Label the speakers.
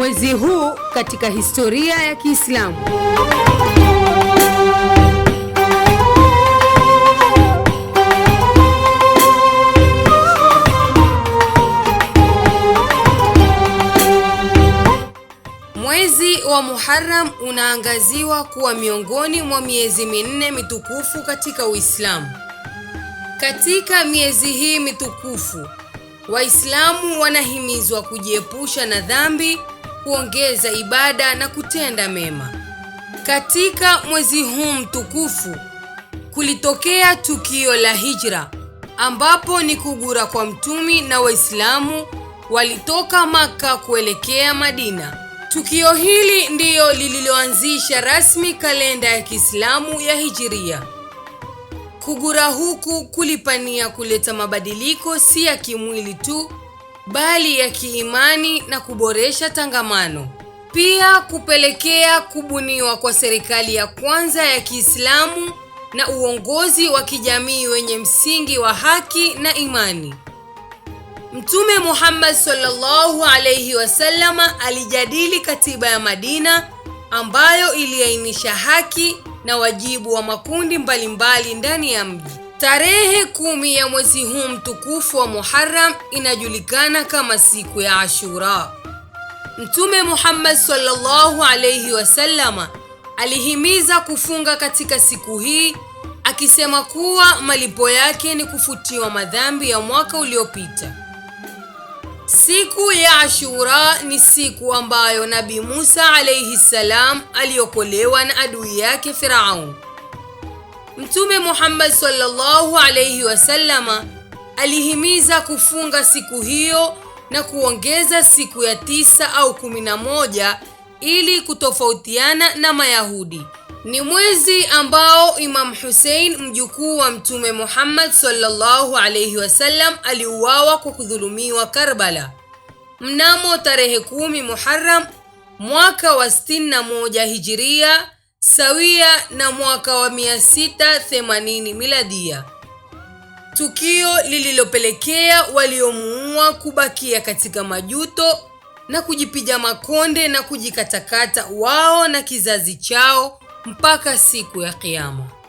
Speaker 1: Mwezi huu katika historia ya Kiislamu. Mwezi wa Muharram unaangaziwa kuwa miongoni mwa miezi minne mitukufu katika Uislamu. Katika miezi hii mitukufu, Waislamu wanahimizwa kujiepusha na dhambi kuongeza ibada na kutenda mema. Katika mwezi huu mtukufu kulitokea tukio la hijra, ambapo ni kugura kwa mtumi na Waislamu walitoka Makka kuelekea Madina. Tukio hili ndiyo lililoanzisha rasmi kalenda ya Kiislamu ya Hijiria. Kugura huku kulipania kuleta mabadiliko si ya kimwili tu bali ya kiimani na kuboresha tangamano, pia kupelekea kubuniwa kwa serikali ya kwanza ya Kiislamu na uongozi wa kijamii wenye msingi wa haki na imani. Mtume Muhammad sallallahu alayhi wasallama alijadili katiba ya Madina ambayo iliainisha haki na wajibu wa makundi mbalimbali ndani ya mji. Tarehe kumi ya mwezi huu mtukufu wa Muharram inajulikana kama siku ya Ashura. Mtume Muhammad sallallahu alayhi wasallama alihimiza kufunga katika siku hii akisema kuwa malipo yake ni kufutiwa madhambi ya mwaka uliopita. Siku ya Ashura ni siku ambayo Nabi Musa alayhi salam aliokolewa na adui yake Firaun. Mtume Muhammad sallallahu alayhi wasallama alihimiza kufunga siku hiyo na kuongeza siku ya tisa au kumi na moja ili kutofautiana na Mayahudi. Ni mwezi ambao Imam Hussein mjukuu wa Mtume Muhammad sallallahu alayhi wasallam aliuawa kwa kudhulumiwa Karbala mnamo tarehe kumi Muharram mwaka wa 61 na Hijiria sawia na mwaka wa 680 miladia, tukio lililopelekea waliomuua kubakia katika majuto na kujipiga makonde na kujikatakata wao na kizazi chao mpaka siku ya Kiyama.